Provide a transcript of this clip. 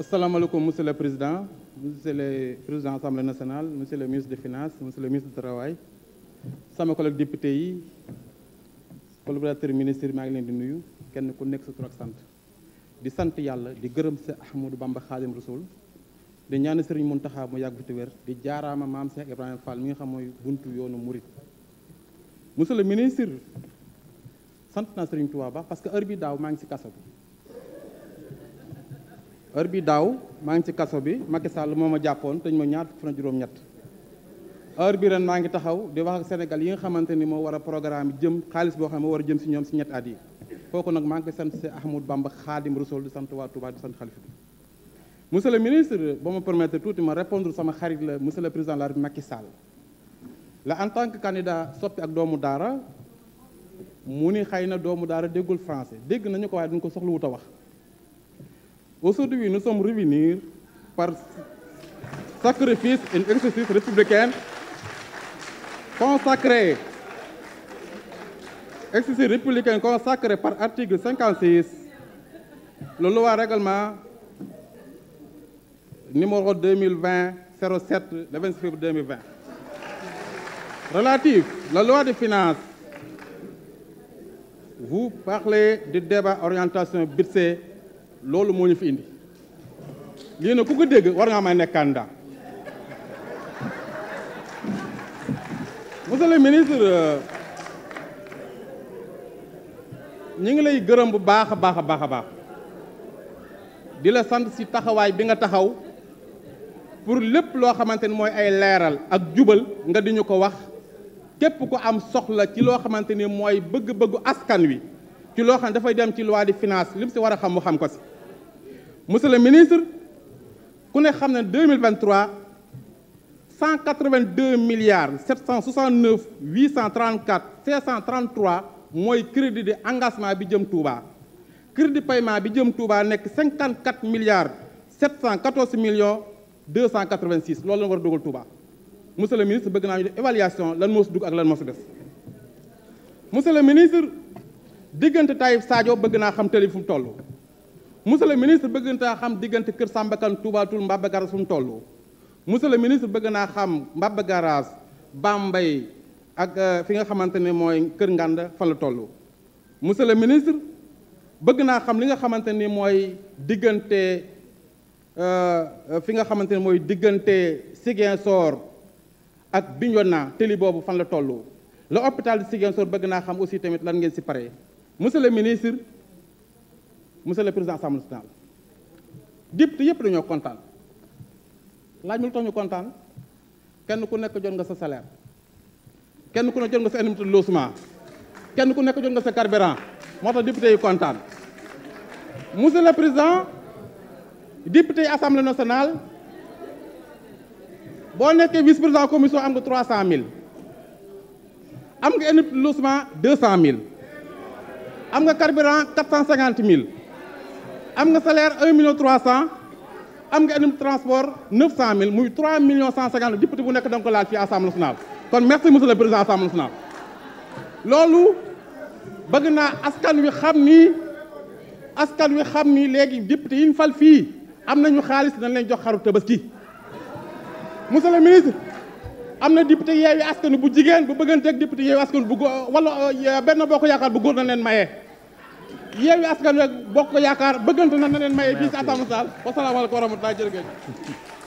asalaamaaleykum monsieur le président monsieur le président assemblée nationale monsieur le ministre des finances monsieur le ministre du travail sama collègue député yi collaborateur ministre maa ngi leen di nuyu kenn ku nekk sa tur sant di sant yàlla di gërëm sa Ahmadou Bamba Khadim Rasoul di ñaan mun Mountakha mu yàgg fi wér di jaaraama maam Cheikh Ibrahima Fall mi ngi xam mooy buntu yoonu Mouride. monsieur le ministre sant naa Serigne Touba baax parce que heure bi daaw maa ngi si kaso bi heure bi daaw maa ngi ci kaso bi Macky Sall moo ma jàppoon te ñu ma ñaar fukk fan juróom-ñett heure bi ren maa ngi taxaw di wax ak Sénégal yi nga xamante ni moo war a programme jëm xaalis boo xam ne war a jëm si ñoom si ñett at yi kooku nag maa ngi koy sant si Ahmadou Bamba Khadim Rassoul di sant waa Touba di sant xalifa bi monsieur le ministre boo ma permettre tuuti ma répondre sama xarit la monsieur le président de la République la en tant que candidat soppi ak doomu daara mu ni xëy na doomu daara déggul français dégg nañu ko waaye duñ ko soxla wut a wax Aujourd'hui, nous sommes revenus par sacrifice une exercice républicaine consacré exercice républicain consacré par article 56 le loi règlement numéro 2020 07 le 26 février 2020 relatif la loi de finances vous parlez du débat orientation budget loolu moo ñu fi indi lii na ku ko dégg war ngaa may nekk candidat monsieur le ministre euh, ñi ngi lay gërëm bu baax a baax a baax a baax di la sant si taxawaay bi nga taxaw pour lépp loo xamante ni mooy ay leeral ak jubal nga di ñu ko wax képp ku am soxla ci loo xamante ni mooy bëgg-bëggu askan wi ci loo xam ne dafay dem ci loi de finance li mu si war a xam mu xam ko si monsieur le ministre ku ne xam ne 2023 182 milliards 769 834 633 mooy crédit de engagement bi jëm Touba crédit paiement bi jëm Touba nekk 54 milliards 714 millions 286 loolu la war a dugal Touba monsieur le ministre bëgg naa ñu def évaluation lan moo si dugg ak lan moo si des monsieur le ministre diggante Taïb Sadio bëgg naa xam tëli fu mu toll monsieur le ministre bëgg naa xam diggante Kër Sambakan Touba Toul Mbaba Garaas fu mu toll ministre bëgg naa xam Mbaba Garaas Bambey ak euh, fi nga xamante ne mooy Kër Nganda fa la toll monsieur le bëgg naa xam li nga xamante ni mooy diggante euh, fi nga xamante ni mooy diggante Ziguinchor ak Bignona tëli boobu fan la toll la hôpital de Ziguinchor bëgg naa xam aussi tamit lan ngeen si pare monsieur le ministre monsieur le président assemblée nationale député yëpp dañoo kontaan laaj mi lu tax ñu kontaan kenn ku nekk jot nga sa salaire kenn ku nekk jot nga sa indemnité de logement kenn ku nekk jot nga sa carburant moo tax député yi kontaan monsieur le président député yi assemblée nationale boo nekkee vice président commission am nga trois cent mille am nga indemnité de logement deux cent mille am nga carburant quatre cent cinquante mille am nga salaire un million trois cent am nga anum transport neuf cent mille muy trois millions cent cinquante député bu nekk donk nga ko laal fii assemblée nationale kon merci monsieur le président assemblée nationale loolu bëgg naa askan wi xam mi askan wi xam mi léegi député yi ñu fal fii am nañu xaalis dañ leen jox xaru tabaski monsieur le ministre am na député yeewi askan bu jigéen bu bëgganteeg député yeewi askan bu góor wala euh, benn bokk yaakaar bu góor na leen maye. yeewi askan rek bokk yaakaar bëggante na na leen maye fii si assemblée nationale wasalaamaaleykum wa rahmatulah jërëjëf